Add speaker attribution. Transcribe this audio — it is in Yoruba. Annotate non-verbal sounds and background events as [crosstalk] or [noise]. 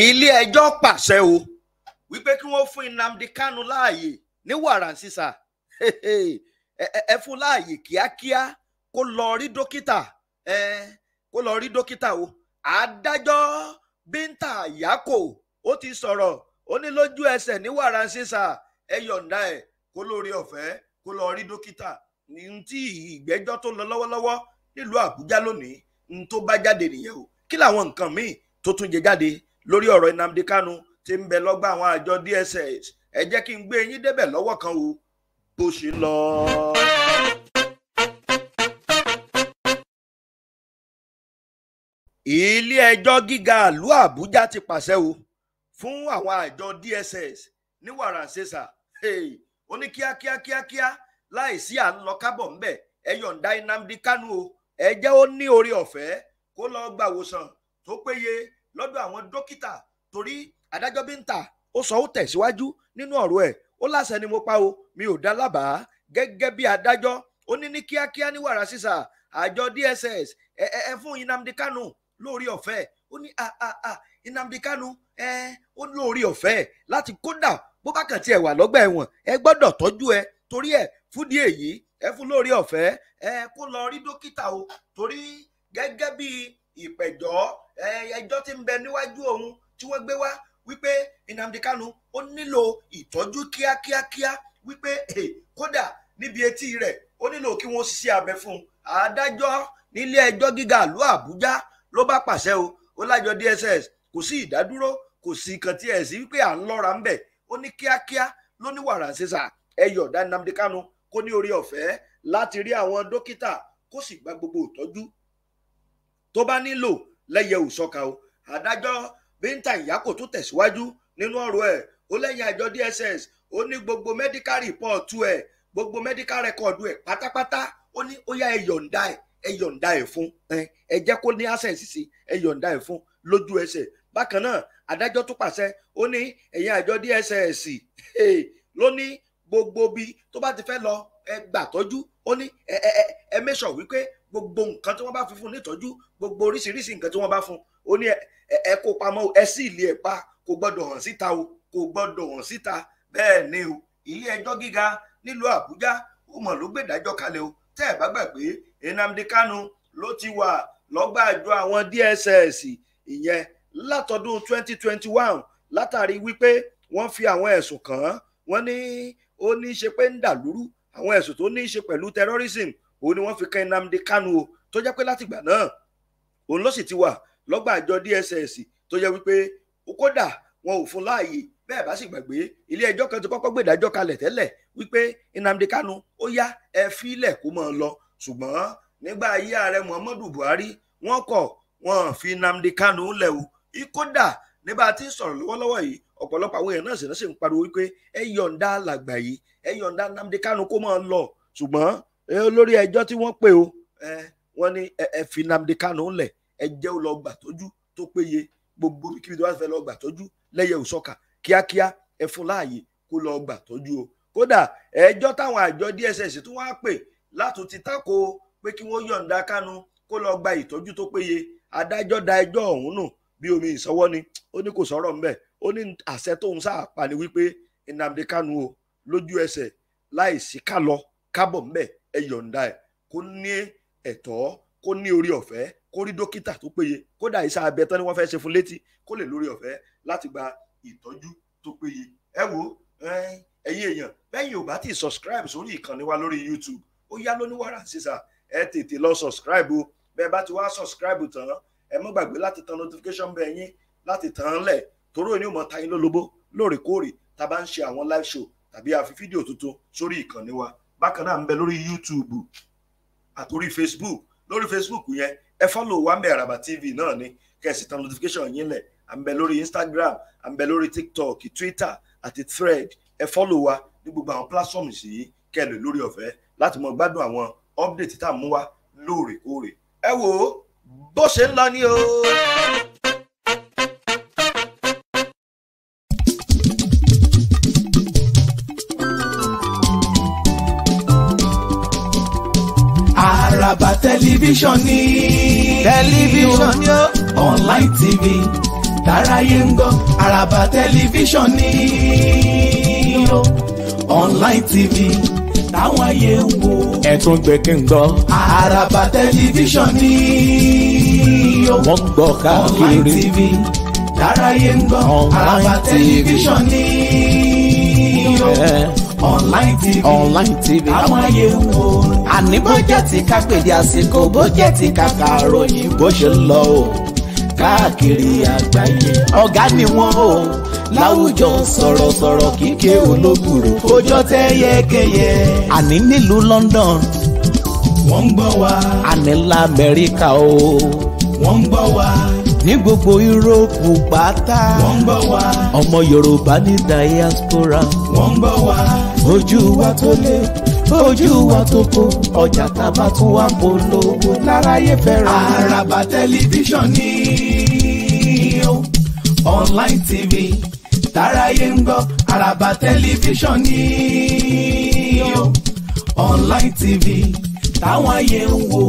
Speaker 1: ilé-ẹjọ́ pàṣẹ o wípé kí wọ́n fún Nnamdi Kanu láàyè ní wàràǹsísà ẹ fún láàyè kíákíá kó lọ rí dókítà ẹ kó lọ rí dókítà o adájọ́ Binta Nyako ó ti sọ̀rọ̀ ó ní lójú ẹsẹ̀ ní wàràǹsísà ẹ yọ̀ǹda ẹ̀ kó lórí ọ̀fẹ́ kó lọ rí dókítà ntí ìgbẹ́jọ́ tó lọ lọ́wọ́lọ́wọ́ nílùú Àbújá lónìí n tó bá jáde nìyẹn o kí làwọn nǹkan míì tó tún jẹ jáde lórí ọ̀rọ̀ Nnamdi Kanu tí ń bẹ lọ́gbà àwọn àjọ DSS ẹ jẹ́ kí n gbé yín débẹ̀ lọ́wọ́ kan o bó ṣe lọ. ilé ẹjọ́ gíga ìlú Àbújá ti pàṣẹ o fún àwọn àjọ DSS ní wàràǹṣeṣà ó ní kíákíá kíákíá láìsí à ń lọ kábọ̀ ńbẹ̀ ẹ yọ̀ǹda Nnamdi Kanu o ẹ jẹ́ ó ní oore ọ̀fẹ́ kó lọ́ọ́ gbàwòsàn tó péye lọ́dọ̀ àwọn dókítà torí adájọ́ Binta ó sọ ó tẹ̀síwájú nínú ọ̀rọ̀ ẹ̀ ó láṣẹ ni mo pa o mi ò dá lábàá gẹ́gẹ́ bí adájọ́ ó ní ní kíákíá ní wàrà sísà àjọ DSS ẹ ẹ ẹ fún Nnamdi Kanu lórí ọ̀fẹ́ ó ní a a a Nnamdi Kanu ẹ ó lórí ọ̀fẹ́ láti kódà bó bá kàn tiẹ̀ wà lọ́gbà ẹ̀wọ̀n ẹ gbọ́dọ̀ tọ́jú ẹ torí ẹ fúdí èyí ẹ fún lórí ọ̀fẹ́ ẹ kó lọ rí dókítà o torí gẹ́gẹ́ bíi ìpẹ̀jọ́ ẹjọ́ tí ń bẹ níwájú òun tí wọ́n gbé wá wípé Nnamdi Kanu ó nílò ìtọ́jú kíákíákíá wípé kódà níbi etí rẹ̀ ó nílò kí wọ́n ṣiṣẹ́ abẹ fún un adájọ́ nílé ẹjọ́ gíga ìlú Àbújá ló bá pàṣẹ o ó lájọ DSS kò sí ìdádúró kò sí nǹkan tí ẹ̀ sí wípé à ń lọ́ra ńbẹ̀ ó ní kíákíá ló ní wàrà ṣèṣà ẹ yọ̀ọ̀dá Nnamdi Kanu kó ní orí ọ̀fẹ́ láti rí àwọn dókítà kó sì gba gbogbo ìtọ́jú tó bá nílò lẹ́yẹ òsọ́ka o adájọ́ bínta ìyákò tó tẹ̀síwájú nínú ọ̀rọ̀ ẹ̀ ó lẹ́yìn àjọ DSS ó ní gbogbo medical report ẹ̀ gbogbo medical record ẹ̀ pátápátá ó ní ó yá ẹ yọ̀ǹda ẹ̀ ẹ fún ẹ jẹ́ kó ní access sí ẹ fún lójú ẹsẹ̀ bákan náà adájọ́ tó pàṣẹ ó ní ẹ̀yìn àjọ DSS [laughs] ló ní gbogbo bí tó bá ti fẹ́ lọ ẹ gbà ó ní ẹ ẹ ẹ ẹ mẹ́sàn wípé gbogbo nǹkan tí wọ́n bá fi fún nítọ́jú gbogbo oríṣiríṣi nǹkan tí wọ́n bá fún ó ní ẹ kó pamọ́ ẹ sí ilé ẹ pa kò gbọ́dọ̀ hàn síta o kò gbọ́dọ̀ hàn síta bẹ́ẹ̀ ni o ilé ẹjọ́ gíga nílùú Àbújá ó mọ̀ ló gbèdájọ́ kalẹ̀ o tẹ́ ẹ bá gbàgbé Nnamdi Kanu ló ti wà lọ́gbà àjọ àwọn DSS ìyẹn látọdún 2021 látàrí wípé wọ́n fi àwọn ẹ̀sùn kàn án wọ́n ní ó ní í ṣe pé ń dàlúrú àwọn ẹ̀sùn tó ní í ṣe pẹ̀lú terrorism òun ni wọ́n fi kan Nnamdi Kanu o tó jẹ́ pé látìgbà náà òun ló sì ti wà lọ́gbà àjọ DSS tó jẹ́ wípé kódà wọn ò fún láàyè bẹ́ẹ̀ bá sì gbàgbé ilé ẹjọ́ kan ti kọ́kọ́ gbé ìdájọ́ kalẹ̀ tẹ́lẹ̀ wípé Nnamdi Kanu ó yá ẹ fílẹ̀ kó mọ̀ ọ́n lọ ṣùgbọ́n nígbà ayé ààrẹ Muhammadu Buhari wọ́n kọ̀ wọ́n fi Nnamdi Kanu lẹ̀ o kódà nígbà tí ń sọ̀rọ̀ lọ́wọ́lọ́wọ́ yìí ọ̀pọ̀lọpọ̀ àwọn èèyàn náà sì náà sì ń pariwo wípé ẹ yọ̀ǹda làgbà yìí ẹ yọ̀ǹda Nnamdi Kanu kó mọ̀ ọ́n lọ ṣùgbọ́n olórí ẹjọ́ tí wọ́n pè o wọ́n ní ẹ fi Nnamdi Kanu ńlẹ̀ ẹ jẹ́ ó lọ gbà tọ́jú tó péye gbogbo kíbi tó bá fẹ́ lọ gbà tọ́jú lẹ́yẹ òsọ́kà kíákíá ẹ fún láàyè kó lọ gbà tọ́jú o kódà ẹjọ́ táwọn àjọ DSS tí wọ́n á pè látún ti tako pé kí wọ́n yọ̀ǹda Kanu kó lọ gba ìtọ́jú tó péye adájọ́ da ẹjọ́ ọ̀hún nù bí omi ìsanwó ni ó ní kò sọ̀rọ̀ ńbẹ̀ ó ní àṣẹ tóun sáà pa ni wípé Nnamdi Kanu o lójú ẹsẹ̀ láì ká lọ kábọ̀ mbẹ́ ẹ yọ̀ǹda ẹ̀ kó ní ẹ̀tọ́ kó ní orí ọ̀fẹ́ kó rí dókítà tó péye kódà iṣẹ́ abẹ tán ni wọ́n fẹ́ ṣe fún létí kó lè lórí ọ̀fẹ́ láti gba ìtọ́jú tó péye ẹ wo ẹyin èèyàn bẹ́yìn ò bá ti subscribe sórí ìkànnì wa lórí YouTube ó yá lóní wàrà sísà ẹ tètè lọ subscribe o bẹ́ẹ̀ bá ti wá subscribe tán ẹ mọ́ gbàgbé láti tan notification bẹ́ẹ̀ yín láti tàn án lẹ̀ toró ní òmò tayin lólobó lóòrèkóòrè tá a bá ń ṣe àwọn live show tàbí a fi fídíò tuntun sórí ìkànnì wa bákan náà ń bẹ lórí youtube àtòrí facebook lórí facebook yẹn ẹ fọ́lọ̀ wa ń bẹ àràbà tv náà ni kẹ̀sì tan notification yín lẹ̀ à ń bẹ lórí instagram à ń bẹ lórí tiktok twitter àti thread ẹ fọ́lọ̀ wa ní gbogbo àwọn platforms yìí kẹlẹ̀ lórí ọ̀fẹ́ láti mọ gbádùn àwọn update tá à ń mú wá lóòrèkóòrè ẹ wò bó ṣe ń lọ ni o.
Speaker 2: àràbà tẹlifíṣàn ni. tẹlifíṣàn ni ó. online tv tàráyé ń gbọ́ àràbà tẹlifíṣàn ni online tv táwọn ayé ń wo. ẹ̀tún gbẹ̀kẹ̀ ń gbọ́. àràbà tẹlifíṣàn ni wọ́n gbọ́ káàkiri. online tv tàráyé ń gbọ́ àràbà tẹlifíṣàn ni ó online tv online tv àwọn ayé wo àní bó jẹ́ ti ká pèdé àsìkò bó jẹ́ ti ká ka ròyìn bó ṣe lọ o káàkiri àgbáyé ọ̀gá ni wọ́n o láwùjọ sọ̀rọ̀sọ̀rọ̀ kíkẹ́ olóbùrò ọjọ́ tẹ́ yẹ́kẹ́yẹ́ àní nílùú London wọ́n ń gbọ́ wa àní lamẹ́ríkà o wọ́n ń gbọ́ wa ní gbogbo yúróòpù pátá. wọ́n ń bọ̀ wá. ọmọ yorùbá ní diaspora. wọ́n ń bọ̀ wá. ojú wa tó lé ojú wa tó kó ọjà tá a bá tún wá polówó láráyé fẹ́ràn. àràbà tẹlifíṣàn ni ó online tv táráyé ń gbọ́ àràbà tẹlifíṣàn ni ó online tv táwọn ayé ń wò.